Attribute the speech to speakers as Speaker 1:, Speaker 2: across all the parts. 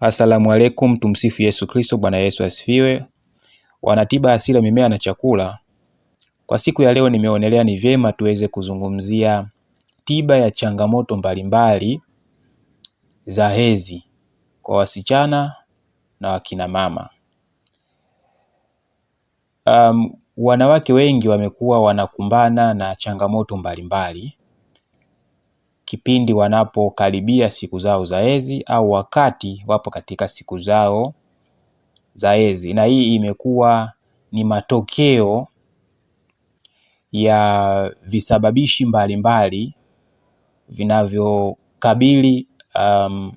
Speaker 1: Asalamu alaikum, tumsifu Yesu Kristo. Bwana Yesu asifiwe. Wanatiba asili ya mimea na chakula, kwa siku ya leo nimeonelea ni vyema tuweze kuzungumzia tiba ya changamoto mbalimbali za hedhi kwa wasichana na wakina mama. Um, wanawake wengi wamekuwa wanakumbana na changamoto mbalimbali kipindi wanapokaribia siku zao za hedhi au wakati wapo katika siku zao za hedhi, na hii imekuwa ni matokeo ya visababishi mbalimbali vinavyokabili um,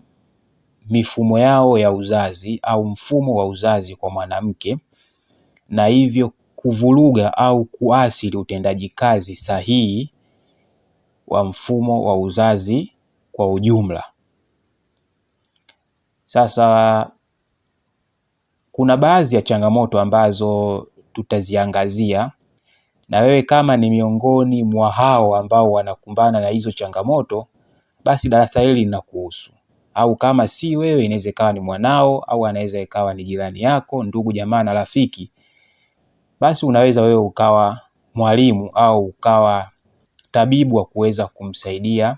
Speaker 1: mifumo yao ya uzazi au mfumo wa uzazi kwa mwanamke na hivyo kuvuruga au kuathiri utendaji kazi sahihi wa mfumo wa uzazi kwa ujumla. Sasa kuna baadhi ya changamoto ambazo tutaziangazia na wewe kama ni miongoni mwa hao ambao wanakumbana na hizo changamoto, basi darasa hili linakuhusu. Au kama si wewe, inaweza ikawa ni mwanao, au anaweza ikawa ni jirani yako, ndugu, jamaa na rafiki, basi unaweza wewe ukawa mwalimu au ukawa tabibu wa kuweza kumsaidia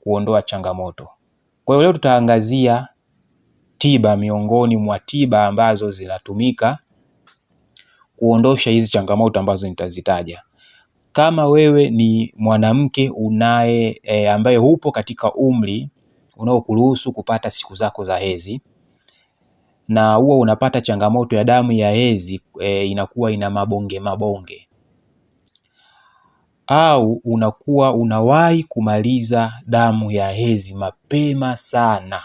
Speaker 1: kuondoa changamoto. Kwa hiyo leo tutaangazia tiba miongoni mwa tiba ambazo zinatumika kuondosha hizi changamoto ambazo nitazitaja. Kama wewe ni mwanamke unaye e, ambaye upo katika umri unaokuruhusu kupata siku zako za hezi na huwa unapata changamoto ya damu ya hezi e, inakuwa ina mabonge mabonge, au unakuwa unawahi kumaliza damu ya hedhi mapema sana.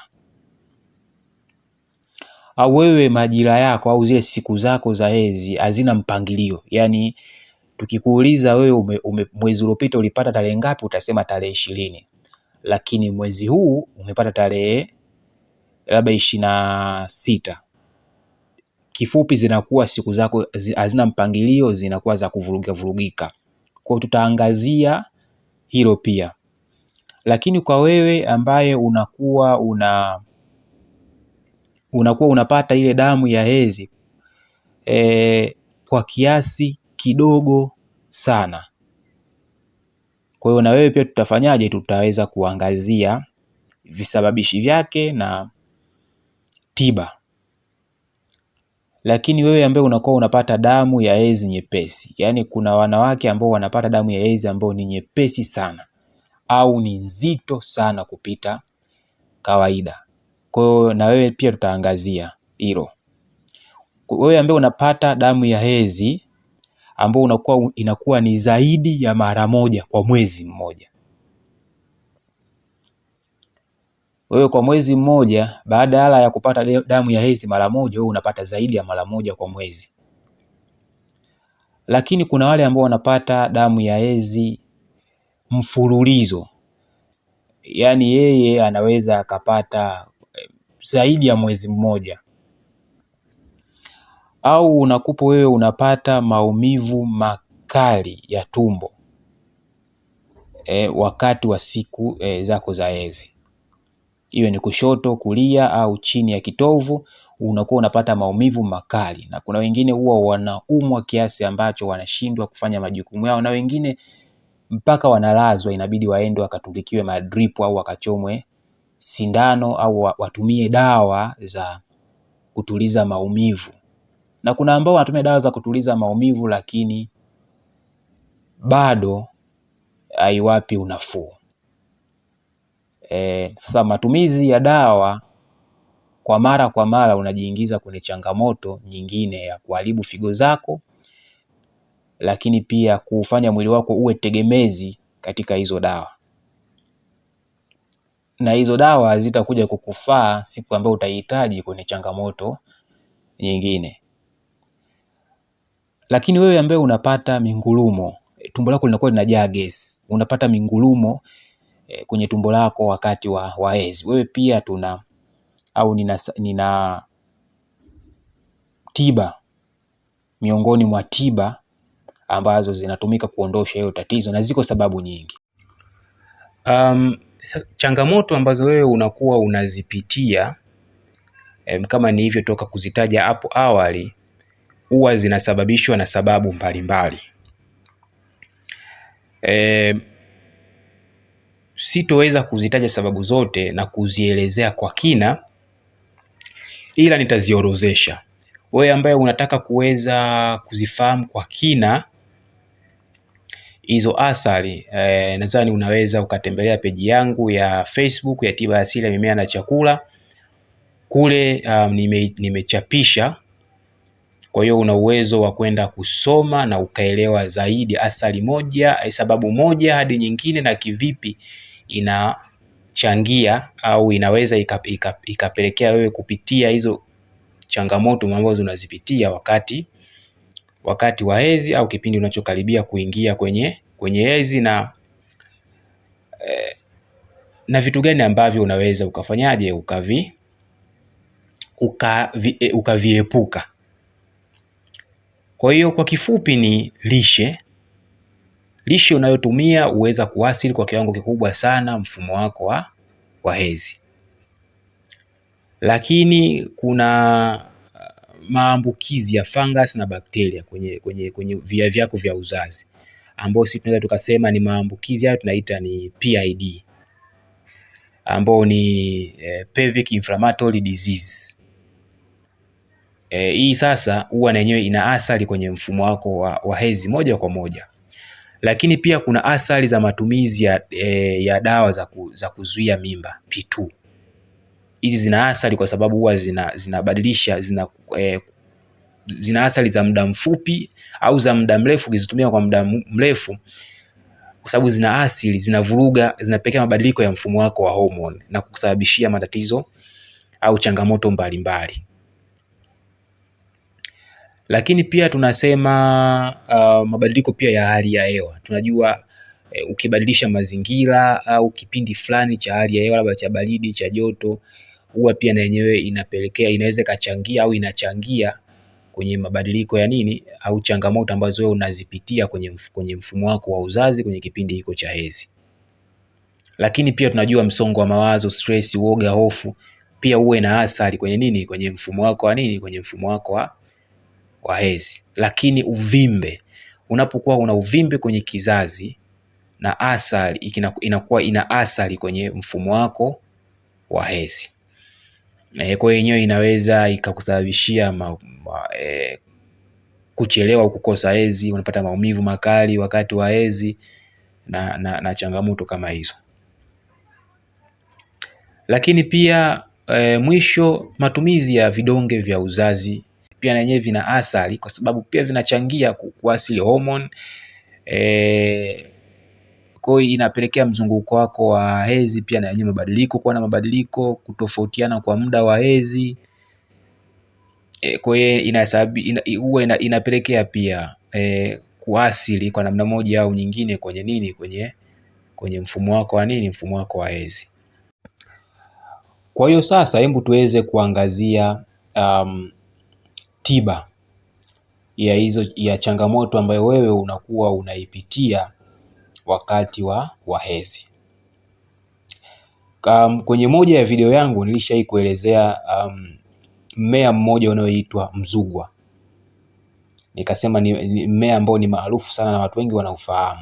Speaker 1: Au wewe majira yako au zile siku zako za hedhi hazina mpangilio, yaani tukikuuliza wewe ume, ume, mwezi uliopita ulipata tarehe ngapi, utasema tarehe ishirini, lakini mwezi huu umepata tarehe labda ishirini na sita. Kifupi, zinakuwa siku zako hazina mpangilio, zinakuwa za kuvurugikavurugika vurugika. Kwa tutaangazia hilo pia. Lakini kwa wewe ambaye unakuwa una unakuwa unapata ile damu ya hedhi e, kwa kiasi kidogo sana. Kwa hiyo na wewe pia tutafanyaje? Tutaweza kuangazia visababishi vyake na tiba. Lakini wewe ambaye unakuwa unapata damu ya hedhi nyepesi, yaani kuna wanawake ambao wanapata damu ya hedhi ambao ni nyepesi sana au ni nzito sana kupita kawaida. Kwa hiyo na wewe pia tutaangazia hilo. Wewe ambaye unapata damu ya hedhi ambao unakuwa inakuwa ni zaidi ya mara moja kwa mwezi mmoja, Wewe kwa mwezi mmoja badala ya kupata damu ya hedhi mara moja, wewe unapata zaidi ya mara moja kwa mwezi. Lakini kuna wale ambao wanapata damu ya hedhi mfululizo, yaani yeye anaweza akapata eh, zaidi ya mwezi mmoja, au unakupo wewe unapata maumivu makali ya tumbo e, wakati wa siku e, zako za hedhi iwe ni kushoto, kulia au chini ya kitovu, unakuwa unapata maumivu makali, na kuna wengine huwa wanaumwa kiasi ambacho wanashindwa kufanya majukumu yao, na wengine mpaka wanalazwa, inabidi waende wakatulikiwe madrip au wakachomwe sindano au watumie dawa za kutuliza maumivu. Na kuna ambao wanatumia dawa za kutuliza maumivu, lakini bado haiwapi unafuu. E, sasa matumizi ya dawa kwa mara kwa mara unajiingiza kwenye changamoto nyingine ya kuharibu figo zako, lakini pia kuufanya mwili wako uwe tegemezi katika hizo dawa, na hizo dawa zitakuja kukufaa siku ambayo utahitaji kwenye changamoto nyingine. Lakini wewe ambaye unapata mingurumo, tumbo lako linakuwa linajaa gesi, unapata mingurumo e, kwenye tumbo lako wakati wa, wa hedhi. Wewe pia tuna au nina, nina tiba miongoni mwa tiba ambazo zinatumika kuondosha hiyo tatizo na ziko sababu nyingi. Um, changamoto ambazo wewe unakuwa unazipitia em, kama toka kuzitaja hapo awali huwa zinasababishwa na sababu mbalimbali mbali. E, sitoweza kuzitaja sababu zote na kuzielezea kwa kina, ila nitaziorozesha. Wewe ambaye unataka kuweza kuzifahamu kwa kina hizo athari e, eh, nadhani unaweza ukatembelea peji yangu ya Facebook ya tiba asili ya mimea na chakula kule. Um, nime, nimechapisha kwa hiyo una uwezo wa kwenda kusoma na ukaelewa zaidi athari moja, eh, sababu moja hadi nyingine na kivipi inachangia au inaweza ikapelekea wewe kupitia hizo changamoto ambazo unazipitia wakati wakati wa hedhi au kipindi unachokaribia kuingia kwenye kwenye hedhi na eh, na vitu gani ambavyo unaweza ukafanyaje ukavi eh, ukaviepuka uka. Kwa hiyo kwa kifupi ni lishe lishe unayotumia huweza kuasili kwa kiwango kikubwa sana mfumo wako wa, wa hedhi. Lakini kuna uh, maambukizi ya fungus na bakteria kwenye, kwenye, kwenye via vyako vya uzazi ambao sisi tunaweza tukasema ni maambukizi hayo tunaita ni PID ambao ni eh, pelvic inflammatory disease. Eh, hii sasa huwa na yenyewe ina athari kwenye mfumo wako wa, wa hedhi moja kwa moja. Lakini pia kuna athari za matumizi ya, e, ya dawa za, ku, za kuzuia mimba P2. Hizi zina athari kwa sababu huwa zinabadilisha zina, zina, e, zina za muda mfupi au za muda mrefu. Ukizitumia kwa muda mrefu, kwa sababu zina asili, zinavuruga, zinapelekea mabadiliko ya mfumo wako wa homoni na kusababishia matatizo au changamoto mbalimbali. Lakini pia tunasema uh, mabadiliko pia ya hali ya hewa. Tunajua uh, ukibadilisha mazingira au uh, kipindi fulani cha hali ya hewa labda cha baridi, cha joto huwa pia na yenyewe inapelekea inaweza ikachangia au inachangia kwenye mabadiliko ya nini au changamoto ambazo wewe unazipitia kwenye, mf, kwenye mfumo wako wa uzazi kwenye kipindi hiko cha hezi Lakini pia tunajua msongo wa mawazo, stress, woga, hofu pia uwe na athari kwenye nini, kwenye mfumo wako wa nini, kwenye mfumo wako wa wa hezi, Lakini uvimbe, unapokuwa una uvimbe kwenye kizazi na asali inakuwa ina asali kwenye mfumo wako wa hezi E, eh, kwa hiyo yenyewe inaweza ikakusababishia e, kuchelewa au kukosa hezi unapata maumivu makali wakati wa hezi na, na, na changamoto kama hizo. Lakini pia e, mwisho matumizi ya vidonge vya uzazi pia na yenyewe vina athari, kwa sababu pia vinachangia kuasili homoni e, eh, kwa hiyo inapelekea mzunguko wako wa hedhi pia na yenyewe mabadiliko, kuwa na mabadiliko, kutofautiana kwa muda wa hedhi e, kwa hiyo huwa ina, inapelekea pia e, eh, kuasili kwa namna moja au nyingine kwenye nini kwenye kwenye mfumo wako wa nini mfumo wako wa hedhi. Kwa hiyo sasa, hebu tuweze kuangazia um, tiba ya hizo ya changamoto ambayo wewe unakuwa unaipitia wakati wa wa hedhi. Um, kwenye moja ya video yangu nilishai kuelezea um, mmea um, mmoja unaoitwa mzugwa. Nikasema ni mmea ambao ni maarufu sana na watu wengi wanaufahamu.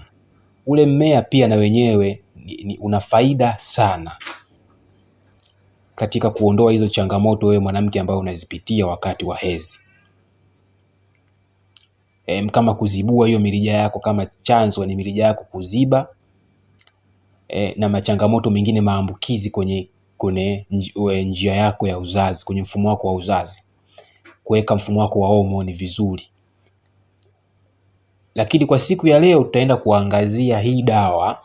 Speaker 1: Ule mmea pia na wenyewe ni, ni una faida sana katika kuondoa hizo changamoto wewe mwanamke ambayo unazipitia wakati wa hedhi kama kuzibua hiyo mirija yako, kama chanzo ni mirija yako kuziba e, na machangamoto mengine maambukizi kwenye kwenye njia yako ya uzazi, kwenye mfumo wako wa uzazi, kuweka mfumo wako wa homoni vizuri. Lakini kwa siku ya leo tutaenda kuangazia hii dawa.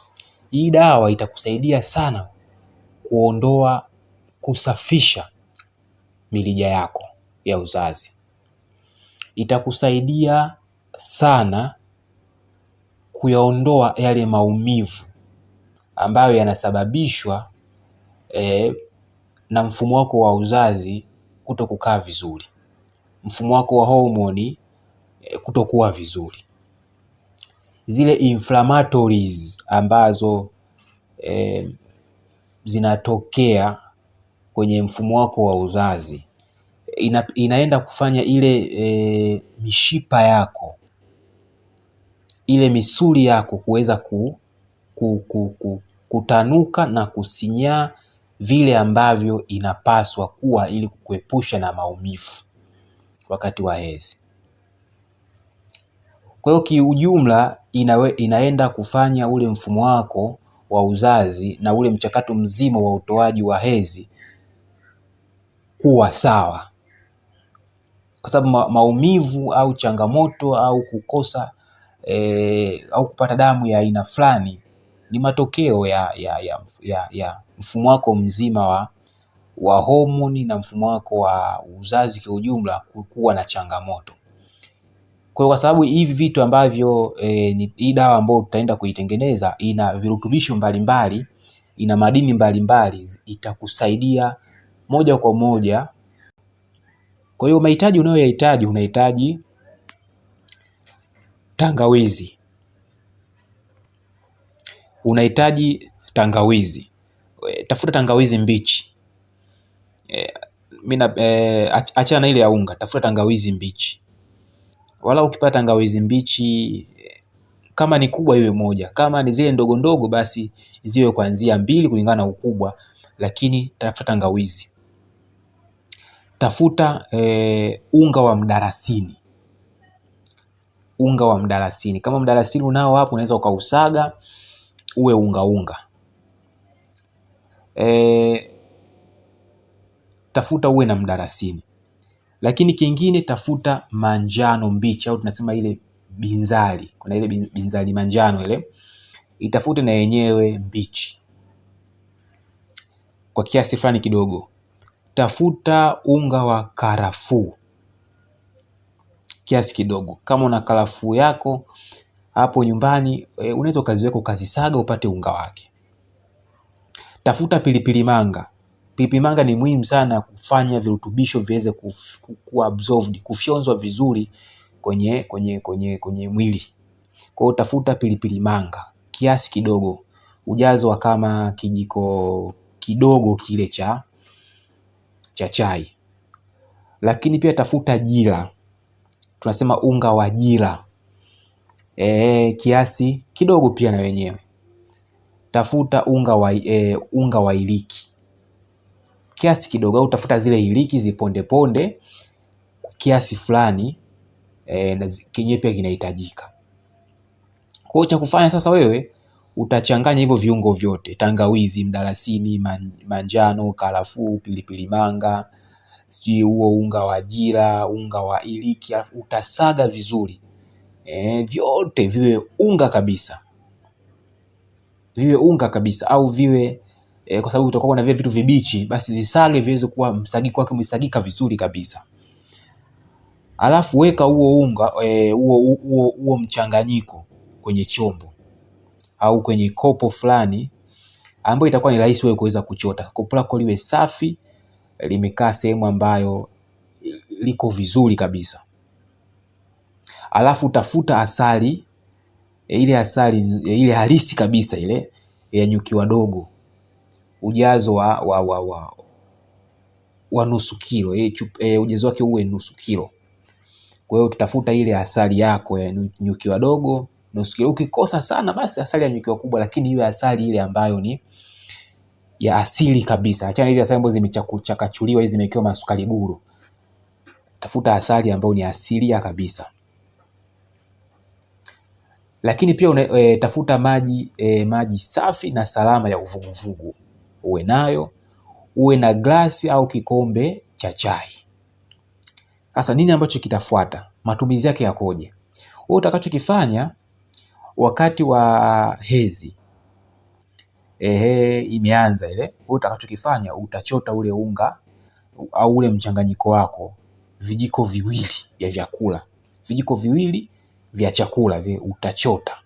Speaker 1: Hii dawa itakusaidia sana kuondoa, kusafisha mirija yako ya uzazi, itakusaidia sana kuyaondoa yale maumivu ambayo yanasababishwa eh, na mfumo wako wa uzazi kuto kukaa vizuri, mfumo wako wa homoni eh, kutokuwa vizuri, zile inflammatories ambazo eh, zinatokea kwenye mfumo wako wa uzazi ina, inaenda kufanya ile e, mishipa yako ile misuli yako kuweza ku, ku, ku, ku, kutanuka na kusinyaa vile ambavyo inapaswa kuwa ili kukuepusha na maumivu wakati wa hedhi. Kwa hiyo kiujumla, inawe, inaenda kufanya ule mfumo wako wa uzazi na ule mchakato mzima wa utoaji wa hedhi kuwa sawa, kwa sababu maumivu au changamoto au kukosa e, au kupata damu ya aina fulani ni matokeo ya, ya, ya, ya, ya mfumo wako mzima wa, wa homoni na mfumo wako wa uzazi kwa ujumla kuwa na changamoto. Kwa hiyo kwa sababu hivi vitu ambavyo e, hii dawa ambayo tutaenda kuitengeneza ina virutubisho mbalimbali, ina madini mbalimbali, itakusaidia moja kwa moja. Kwa hiyo mahitaji unayoyahitaji, unahitaji tangawizi. Unahitaji tangawizi, tafuta tangawizi mbichi e, mina e, achana na ile ya unga, tafuta tangawizi mbichi. Wala ukipata tangawizi mbichi kama ni kubwa iwe moja, kama ni zile ndogo ndogo basi ziwe kuanzia mbili kulingana na ukubwa, lakini tafuta tangawizi. Tafuta e, unga wa mdarasini unga wa mdalasini. Kama mdalasini unao hapo, unaweza ukausaga uwe unga unga. E, tafuta uwe na mdalasini. Lakini kingine, tafuta manjano mbichi au tunasema ile binzali. Kuna ile binzali manjano ile, itafute na yenyewe mbichi kwa kiasi fulani kidogo. Tafuta unga wa karafuu kiasi kidogo. Kama una karafuu yako hapo nyumbani e, unaweza ukaziweka ukazisaga upate unga wake. Tafuta pilipili manga. Pilipili manga ni muhimu sana kufanya virutubisho viweze kuabsorbed, kufyonzwa vizuri kwenye kwenye kwenye kwenye mwili. Kwa hiyo tafuta pilipili manga kiasi kidogo, ujazo wa kama kijiko kidogo kile cha cha chai, lakini pia tafuta jira tunasema unga wa jira e, eh, kiasi kidogo pia na wenyewe. Tafuta unga wa, e, unga wa iliki kiasi kidogo, au tafuta zile iliki zipondeponde kiasi fulani e, na kenyewe pia kinahitajika. Kwa cha kufanya sasa, wewe utachanganya hivyo viungo vyote, tangawizi, mdalasini, man, manjano, karafuu, pilipili manga sijui huo unga wa jira, unga wa iliki, utasaga vizuri e, vyote viwe unga kabisa, viwe unga kabisa au viwe e, kwa sababu utakuwa na vile vitu vibichi, basi visage viweze kuwa msagiko wake umesagika vizuri kabisa. Alafu weka huo unga e, huo e, huo mchanganyiko kwenye chombo au kwenye kopo fulani ambayo itakuwa ni rahisi wewe kuweza kuchota. Kopo lako liwe safi limekaa sehemu ambayo liko vizuri kabisa. Alafu tafuta asali e, ile asali e, ile halisi kabisa ile ya nyuki wadogo, ujazo wa, wa, wa, wa, wa nusu kilo e, e, ujazo wake uwe nusu kilo. Kwa hiyo utatafuta ile asali yako ya nyuki wadogo nusu kilo. Ukikosa sana, basi asali ya nyuki wakubwa, lakini iwe asali ile ambayo ni ya asili kabisa. Achana hizi asali ambazo zimechakachuliwa, hizi zimewekewa masukari guru. Tafuta asali ambayo ni asilia kabisa. Lakini pia une, e, tafuta maji e, maji safi na salama ya uvuguvugu uwe nayo, uwe na glasi au kikombe cha chai. Sasa nini ambacho kitafuata? Matumizi yake yakoje? Wewe utakachokifanya wakati wa hezi ehe, imeanza ile. Utakachokifanya utachota ule unga au ule mchanganyiko wako vijiko viwili vya vyakula, vijiko viwili vya chakula vile utachota,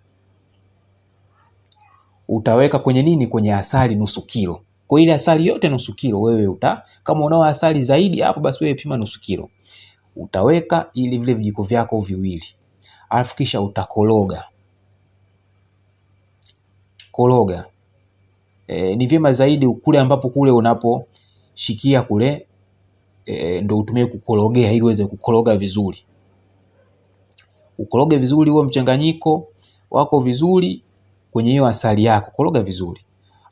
Speaker 1: utaweka kwenye nini, kwenye asali nusu kilo. Kwa ile asali yote nusu kilo, wewe uta kama unao asali zaidi hapo, basi wewe pima nusu kilo utaweka ili vile vijiko vyako viwili, alafu kisha utakologa koroga e, ni vyema zaidi kule ambapo kule unaposhikia kule e, ndo utumie kukorogea ili uweze kukoroga vizuri. Ukoroge vizuri huo mchanganyiko wako vizuri kwenye hiyo asali yako, koroga vizuri.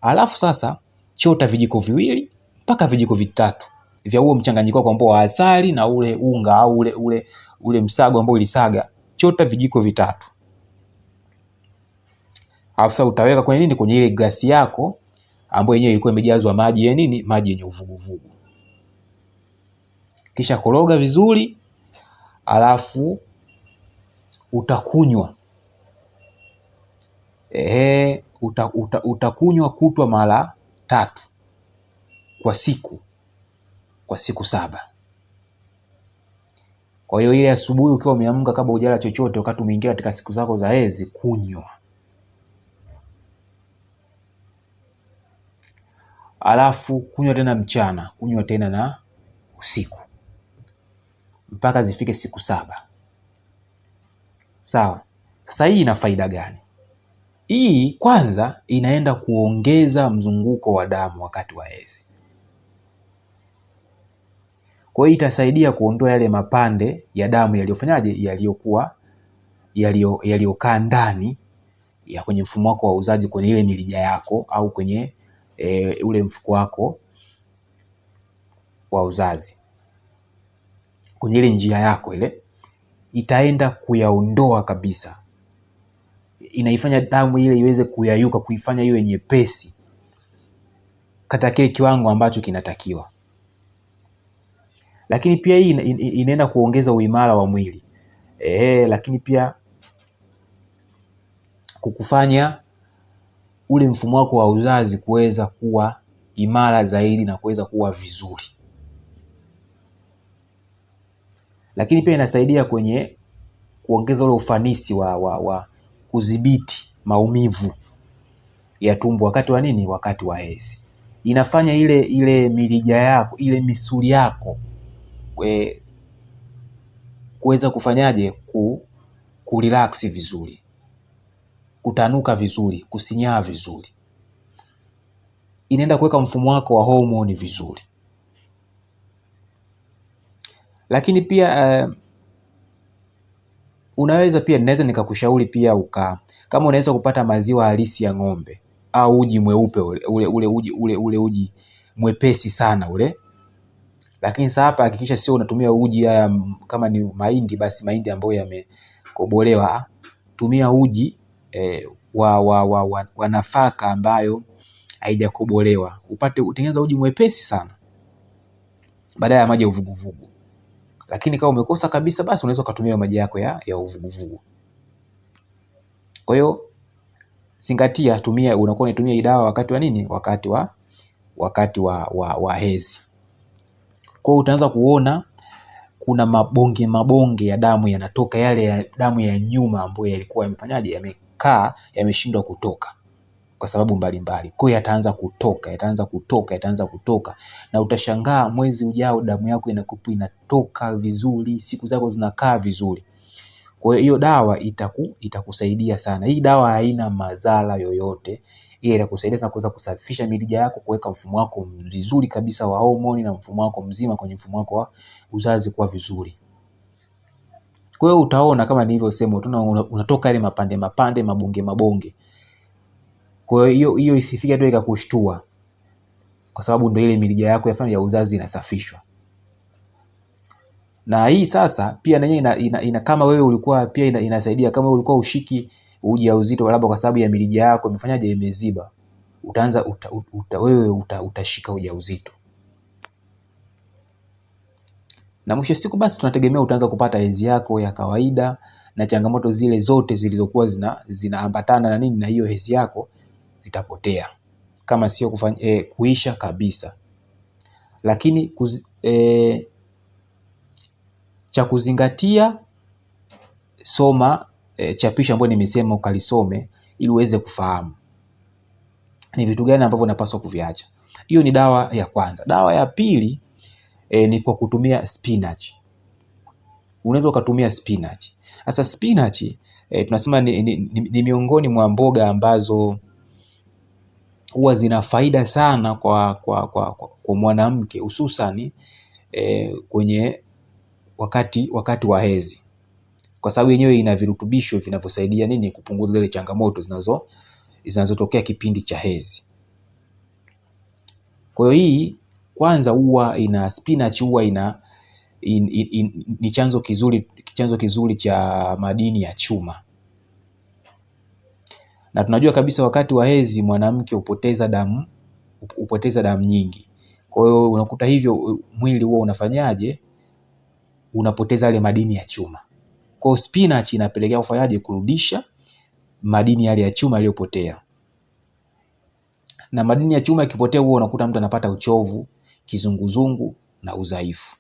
Speaker 1: Alafu sasa chota vijiko viwili mpaka vijiko vitatu vya huo mchanganyiko wako ambao wa asali na ule unga au ule, ule, ule msago ambao ulisaga, chota vijiko vitatu. Afsa utaweka kwenye nini? Kwenye ile glasi yako ambayo yenyewe ilikuwa imejazwa maji ya nini? Maji yenye uvuguvugu. Kisha koroga vizuri, alafu utakunywa ehe, uta, uta, utakunywa kutwa mara tatu kwa siku kwa siku saba. Kwa hiyo ile asubuhi ukiwa umeamka, kabla hujala chochote, wakati umeingia katika siku zako za hedhi, kunywa alafu kunywa tena mchana, kunywa tena na usiku mpaka zifike siku saba. Sawa. Sasa hii ina faida gani? Hii kwanza inaenda kuongeza mzunguko wa damu wakati wa hedhi. Kwa hiyo itasaidia kuondoa yale mapande ya damu yaliyofanyaje, yaliyokuwa yaliyokaa ndani ya kwenye mfumo wako wa uzaji, kwenye ile mirija yako au kwenye e, ule mfuko wako wa uzazi kwenye ile njia yako ile itaenda kuyaondoa kabisa, inaifanya damu ile iweze kuyayuka, kuifanya iwe nyepesi katika kile kiwango ambacho kinatakiwa. Lakini pia hii inaenda kuongeza uimara wa mwili e, lakini pia kukufanya ule mfumo wako wa uzazi kuweza kuwa imara zaidi na kuweza kuwa vizuri. Lakini pia inasaidia kwenye kuongeza ule ufanisi wa, wa, wa kudhibiti maumivu ya tumbo wakati wa nini, wakati wa hedhi. Inafanya ile ile mirija yako ile misuli yako e, kuweza kufanyaje ku kurelax vizuri kutanuka vizuri, kusinyaa vizuri, inaenda kuweka mfumo wako wa homoni vizuri. Lakini pia uh, unaweza pia naweza nikakushauri pia uka kama unaweza kupata maziwa halisi ya ng'ombe au uji mweupe ule ule ule uji ule ule uji mwepesi sana ule, lakini sasa hapa hakikisha sio unatumia uji ya, kama ni mahindi basi mahindi ambayo yamekobolewa, tumia uji eh, wa, wa, wa, wa, wa nafaka ambayo haijakobolewa, upate utengeneza uji mwepesi sana badala ya maji ya uvuguvugu. Lakini kama umekosa kabisa, basi unaweza ukatumia maji yako ya, ya uvuguvugu. Kwa hiyo zingatia, tumia unakuwa unatumia hii dawa wakati wa nini? Wakati wa wakati wa, wa, wa hezi. Kwa hiyo utaanza kuona kuna mabonge mabonge ya damu yanatoka, yale ya damu ya nyuma ambayo yalikuwa yamefanyaje, yame yamekaa yameshindwa kutoka kwa sababu mbalimbali. Kwa hiyo yataanza kutoka, yataanza kutoka, yataanza kutoka, na utashangaa mwezi ujao damu yako inakupa inatoka vizuri, siku zako zinakaa vizuri. Kwa hiyo dawa itaku, itakusaidia sana. Hii dawa haina madhara yoyote, ile itakusaidia sana kuweza kusafisha mirija yako, kuweka mfumo wako vizuri kabisa wa homoni na mfumo wako mzima kwenye mfumo wako wa uzazi kuwa vizuri. Kwa hiyo utaona kama nilivyosema, unatoka yale mapande mapande, mabonge mabonge. Kwa hiyo hiyo isifike tu ikakushtua, kwa sababu ndio ile mirija yako ya ya uzazi inasafishwa. Na hii sasa pia na ina, ina, ina, kama wewe ulikuwa pia ina, inasaidia kama ulikuwa ushiki ujauzito labda kwa sababu ya mirija yako imefanyaje, imeziba, utaanza uta, uta, wewe uta, utashika ujauzito. na mwisho siku basi tunategemea utaanza kupata hedhi yako ya kawaida na changamoto zile zote zilizokuwa zina zinaambatana na nini na hiyo hedhi yako zitapotea kama sio kufanya eh, kuisha kabisa. Lakini kuz, eh, cha kuzingatia soma eh, chapisho ambayo nimesema ukalisome ili uweze kufahamu ni vitu gani ambavyo unapaswa kuviacha. Hiyo ni dawa ya kwanza. Dawa ya pili e, ni kwa kutumia spinach. Unaweza ukatumia spinach. Sasa spinach e, tunasema ni, ni, ni, ni miongoni mwa mboga ambazo huwa zina faida sana kwa, kwa, kwa, kwa, kwa mwanamke hususani e, kwenye wakati, wakati wa hedhi, kwa sababu yenyewe ina virutubisho vinavyosaidia nini kupunguza zile changamoto zinazo zinazotokea kipindi cha hedhi. Kwa hiyo hii kwanza huwa ina spinach huwa ina in, in, in, ni chanzo kizuri, chanzo kizuri cha madini ya chuma. Na tunajua kabisa wakati wa hedhi mwanamke hupoteza damu, hupoteza damu nyingi. Kwa hiyo unakuta hivyo mwili huwa unafanyaje? Unapoteza yale madini ya chuma. Kwa hiyo spinach inapelekea kufanyaje? Kurudisha madini yale ya chuma yaliyopotea. Na madini ya chuma ikipotea, huo unakuta mtu anapata uchovu kizunguzungu na udhaifu.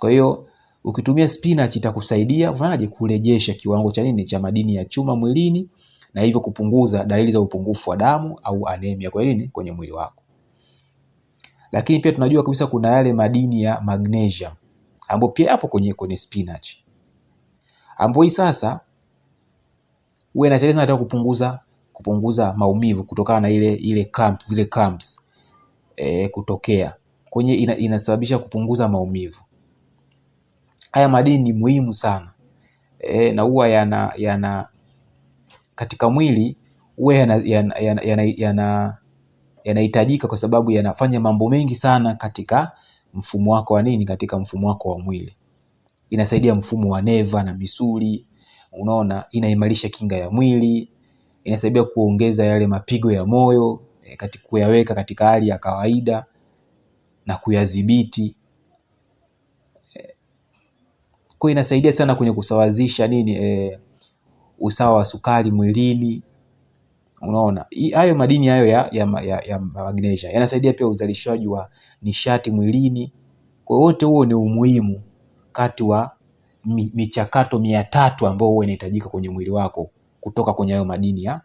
Speaker 1: Kwa hiyo ukitumia spinach itakusaidia kufanyaje? Kurejesha kiwango cha nini cha madini ya chuma mwilini na hivyo kupunguza dalili za upungufu wa damu au anemia kwa nini kwenye mwili wako. Lakini pia tunajua kabisa kuna yale madini ya magnesium ambayo pia hapo kwenye kwenye spinach ambayo hii sasa huwa inasaidia kupunguza kupunguza maumivu kutokana na ile ile cramps, zile cramps Eh, kutokea kwenye inasababisha kupunguza maumivu. Haya madini ni muhimu sana e, na huwa yana, yana katika mwili huwa yanahitajika yana, yana, yana, yana kwa sababu yanafanya mambo mengi sana katika mfumo wako wa nini, katika mfumo wako wa mwili. Inasaidia mfumo wa neva na misuli, unaona, inaimarisha kinga ya mwili, inasaidia kuongeza yale mapigo ya moyo. E, kuyaweka katika hali ya kawaida na kuyadhibiti. E, kwa inasaidia sana kwenye kusawazisha nini e, usawa wa sukari mwilini. Unaona, hayo madini hayo ya, ya, ya, ya magnesia yanasaidia pia uzalishaji wa nishati mwilini. Kwa wote huo ni umuhimu kati wa michakato mia tatu ambao huwa inahitajika kwenye mwili wako kutoka kwenye hayo madini ya,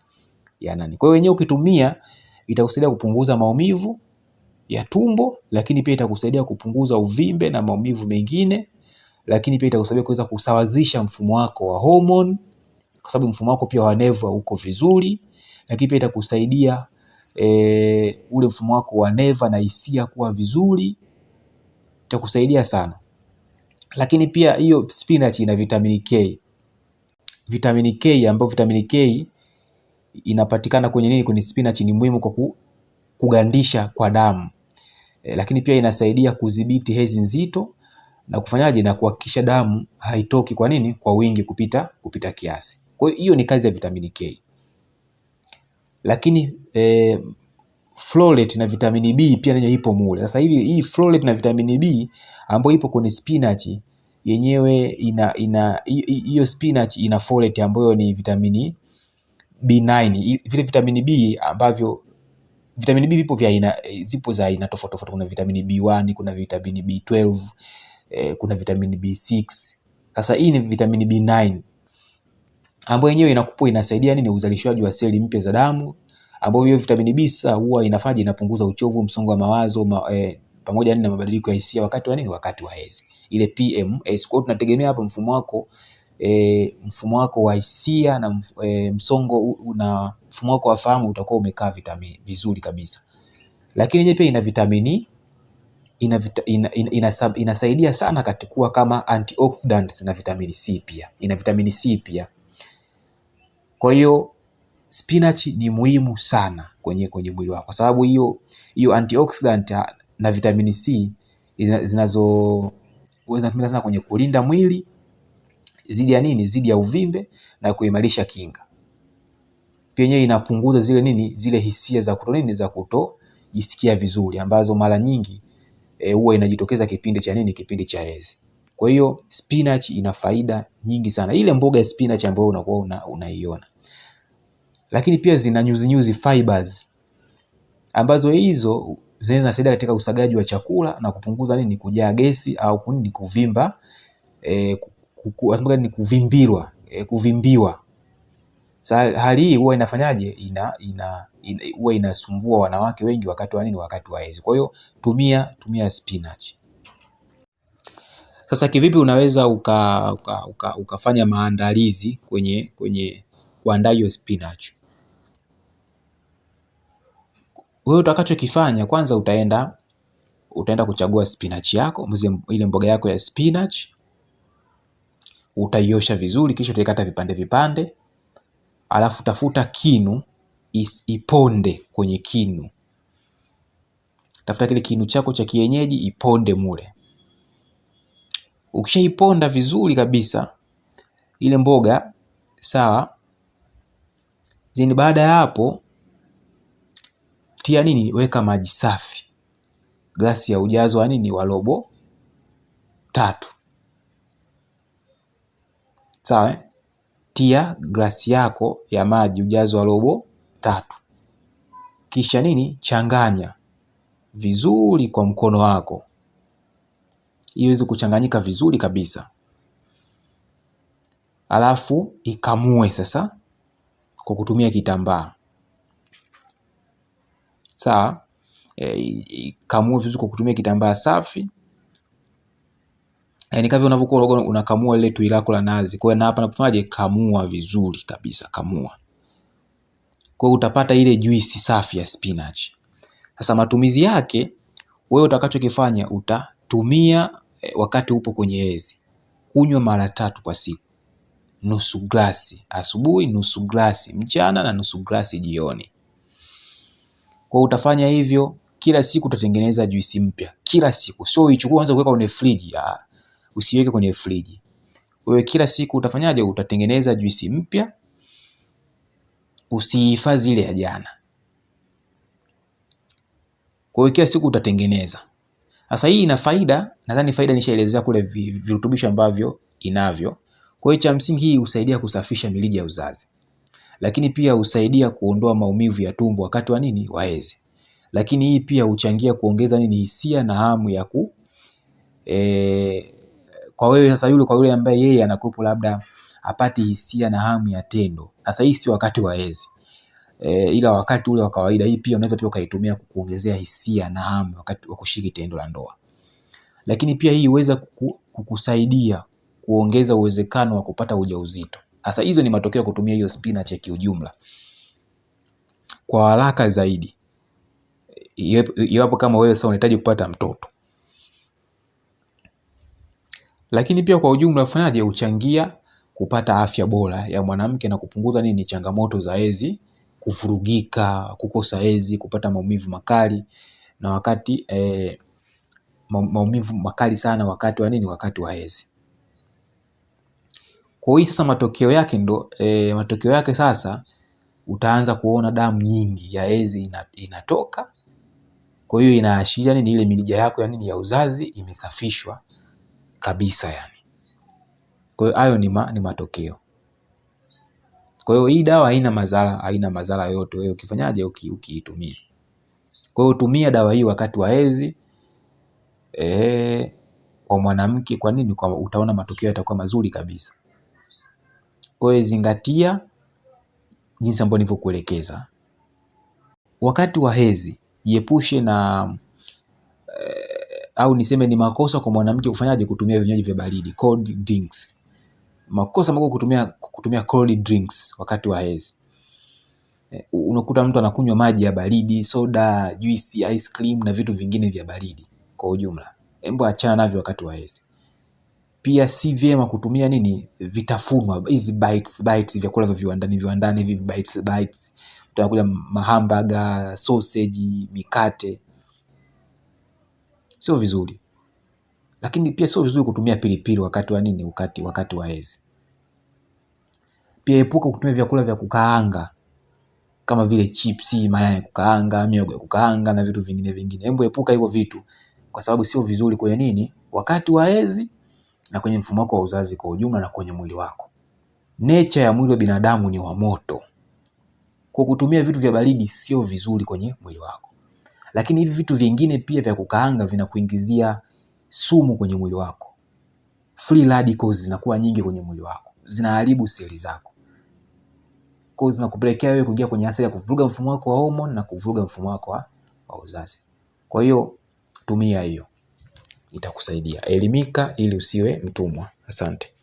Speaker 1: ya nani. Kwa hiyo wenyewe ukitumia itakusaidia kupunguza maumivu ya tumbo, lakini pia itakusaidia kupunguza uvimbe na maumivu mengine, lakini pia itakusaidia kuweza kusawazisha mfumo wako wa homoni, kwa sababu mfumo wako pia wa neva uko vizuri, lakini pia itakusaidia e, ule mfumo wako wa neva na hisia kuwa vizuri, itakusaidia sana. Lakini pia hiyo spinach ina vitamini K, vitamini K ambayo vitamini K inapatikana kwenye nini? Kwenye spinach ni muhimu kwa kugandisha kwa damu e, lakini pia inasaidia kudhibiti hezi nzito na kufanyaje na kuhakikisha damu haitoki kwa nini kwa wingi kupita kupita kiasi. Kwa hiyo ni kazi ya vitamini K. Lakini e, folate na vitamini B pia nayo ipo mule. Sasa hivi hii folate na vitamini B ambayo ipo kwenye spinach yenyewe ina ina hiyo spinach ina folate ambayo ni vitamini B9 vile vitamini B ambavyo vitamini B vipo vya aina, eh, zipo za aina tofauti tofauti. Kuna vitamini B1, kuna vitamini B12, eh, kuna vitamini B6. Sasa hii ni vitamini B9 ambayo yenyewe inakupa inasaidia nini? Uzalishaji wa seli mpya za damu, ambayo hiyo vitamini B sasa huwa inafanya inapunguza uchovu, msongo wa mawazo ma, eh, pamoja na mabadiliko ya hisia wakati wa nini? Wakati wa hedhi, ile PMS. Kwa hiyo tunategemea hapa mfumo wako e, mfumo wako wa hisia na e, msongo na mfumo wako wa fahamu utakuwa umekaa vizuri kabisa. Lakini yenyewe pia ina vitamini ina, ina, ina, ina, inasaidia sana katika kuwa kama antioxidants na vitamini C pia ina vitamini C pia. Kwa hiyo spinach ni muhimu sana kwenye, kwenye mwili wako kwa sababu hiyo hiyo antioxidant na vitamini C zinazo zinatumika sana kwenye kulinda mwili zidi ya nini, zidi ya uvimbe na kuimarisha kinga. Pia inapunguza zile nini, zile hisia za kuto nini, za kutojisikia vizuri ambazo mara nyingi e, huwa e, inajitokeza kipindi cha nini, kipindi cha hedhi. Kwa hiyo spinach ina faida nyingi sana, ile mboga ya spinach ambayo unakuwa una, unaiona. Lakini pia zina nyuzi nyuzi fibers ambazo hizo zinasaidia katika usagaji wa chakula na kupunguza nini, kujaa gesi au kunini, kuvimba e, kuku, ni kuvimbirwa e, eh, kuvimbiwa. Sa, hali hii huwa inafanyaje? Ina, ina, ina, huwa inasumbua wanawake wengi wakati wa nini? Wakati wa hedhi. Kwa hiyo tumia tumia spinach. Sasa kivipi unaweza uka, uka, uka, ukafanya maandalizi kwenye kwenye kuandaa hiyo spinach? Wewe utakachokifanya kwanza, utaenda utaenda kuchagua spinach yako, ile mboga yako ya spinach utaiosha vizuri, kisha utaikata vipande vipande, alafu tafuta kinu is, iponde kwenye kinu. Tafuta kile kinu chako cha kienyeji, iponde mule. Ukishaiponda vizuri kabisa ile mboga sawa, then baada ya hapo tia nini, weka maji safi, glasi ya ujazo wa nini wa robo tatu. Sawa? Eh? Tia glasi yako ya maji ujazo wa robo tatu, kisha nini, changanya vizuri kwa mkono wako iweze kuchanganyika vizuri kabisa, alafu ikamue sasa kwa kutumia kitambaa sawa. E, ikamue vizuri kwa kutumia kitambaa safi. Yaani kavi unavyokuwa unakamua lile tui lako la nazi. Kwa hiyo na hapa napofanyaje, kamua vizuri kabisa, kamua. Kwa hiyo utapata ile juisi safi ya spinach. Sasa matumizi yake, wewe utakachokifanya utatumia eh, wakati upo kwenye hedhi, kunywa mara tatu kwa siku, nusu glasi asubuhi, nusu glasi mchana na nusu glasi jioni. Kwa utafanya hivyo kila siku, utatengeneza juisi mpya kila siku, sio uichukue kwanza kuweka kwenye friji. Ah, usiweke kwenye friji. Wewe kila siku utafanyaje? Utatengeneza juisi mpya, usihifadhi ile ya jana. Kwa hiyo kila siku utatengeneza. Sasa hii ina faida, nadhani faida nishaelezea kule virutubisho ambavyo inavyo. Kwa hiyo cha msingi hii husaidia kusafisha mirija ya uzazi, lakini pia husaidia kuondoa maumivu ya tumbo wakati wa nini, wa hedhi. Lakini hii pia huchangia kuongeza nini, hisia na hamu ya ku e, kwa wewe sasa yule kwa yule ambaye yeye anakupo labda apate hisia na hamu ya tendo. Sasa hii si wakati wa hedhi. E, eh, ila wakati ule wa kawaida hii pia unaweza pia ukaitumia kukuongezea hisia na hamu wakati wa kushiriki tendo la ndoa. Lakini pia hii huweza kuku, kukusaidia kuongeza uwezekano wa kupata ujauzito. Sasa hizo ni matokeo ya kutumia hiyo spinach kiujumla kwa haraka zaidi, iwapo kama wewe sasa unahitaji kupata mtoto. Lakini pia kwa ujumla ufanyaje, huchangia kupata afya bora ya mwanamke na kupunguza nini, changamoto za hedhi, kuvurugika, kukosa hedhi, kupata maumivu makali na wakati eh, maumivu makali sana wakati wa nini, wakati wa hedhi. Kwa hiyo sasa matokeo yake ndo eh, matokeo yake sasa utaanza kuona damu nyingi ya hedhi inatoka. Kwa hiyo inaashiria nini, ile mirija yako ya nini ya uzazi imesafishwa kabisa yani. Kwa hiyo hayo ni, ma, ni matokeo. Kwa hiyo hii dawa haina madhara, haina madhara yote. Wewe ukifanyaje ukiitumia. Kwa hiyo tumia dawa hii wakati wa hedhi eh, kwa mwanamke. Kwa nini? Kwa utaona matokeo yatakuwa mazuri kabisa. Kwa hiyo zingatia jinsi ambavyo nilivyokuelekeza. Wakati wa hedhi jiepushe na eh, au niseme ni makosa kwa mwanamke kufanyaje? Kutumia vinywaji vya baridi cold drinks. Makosa makubwa kutumia, kutumia cold drinks wakati wa hedhi. E, unakuta mtu anakunywa maji ya baridi, soda, juisi, ice cream na vitu vingine vya baridi kwa ujumla. Hebu achana navyo wakati wa hedhi. Pia si vyema kutumia nini, vitafunwa hizi bites, bites, vyakula vya viwandani viwandani hivi bites, bites. Utakuja mahambaga, sausage, mikate sio vizuri. Lakini pia sio vizuri kutumia pilipili wakati wa nini? Wakati, wakati wa hedhi. Pia epuka kutumia vyakula vya kukaanga kama vile chipsi, mayai ya kukaanga, miogo ya kukaanga na vitu vingine vingine. Hebu epuka hivyo vitu kwa sababu sio vizuri kwenye nini? Wakati wa hedhi na kwenye mfumo wako wa uzazi kwa ujumla na kwenye mwili wako. Nature ya mwili wa binadamu ni wa moto. Kwa kutumia vitu vya baridi sio vizuri kwenye mwili wako. Lakini hivi vitu vingine pia vya kukaanga vinakuingizia sumu kwenye mwili wako. Free radicals zinakuwa nyingi kwenye mwili wako, zinaharibu seli zako, kwa hiyo zinakupelekea wewe kuingia kwenye asili ya kuvuruga mfumo wako wa homoni na kuvuruga mfumo wako wa uzazi. Kwa hiyo tumia hiyo, itakusaidia. Elimika ili usiwe mtumwa. Asante.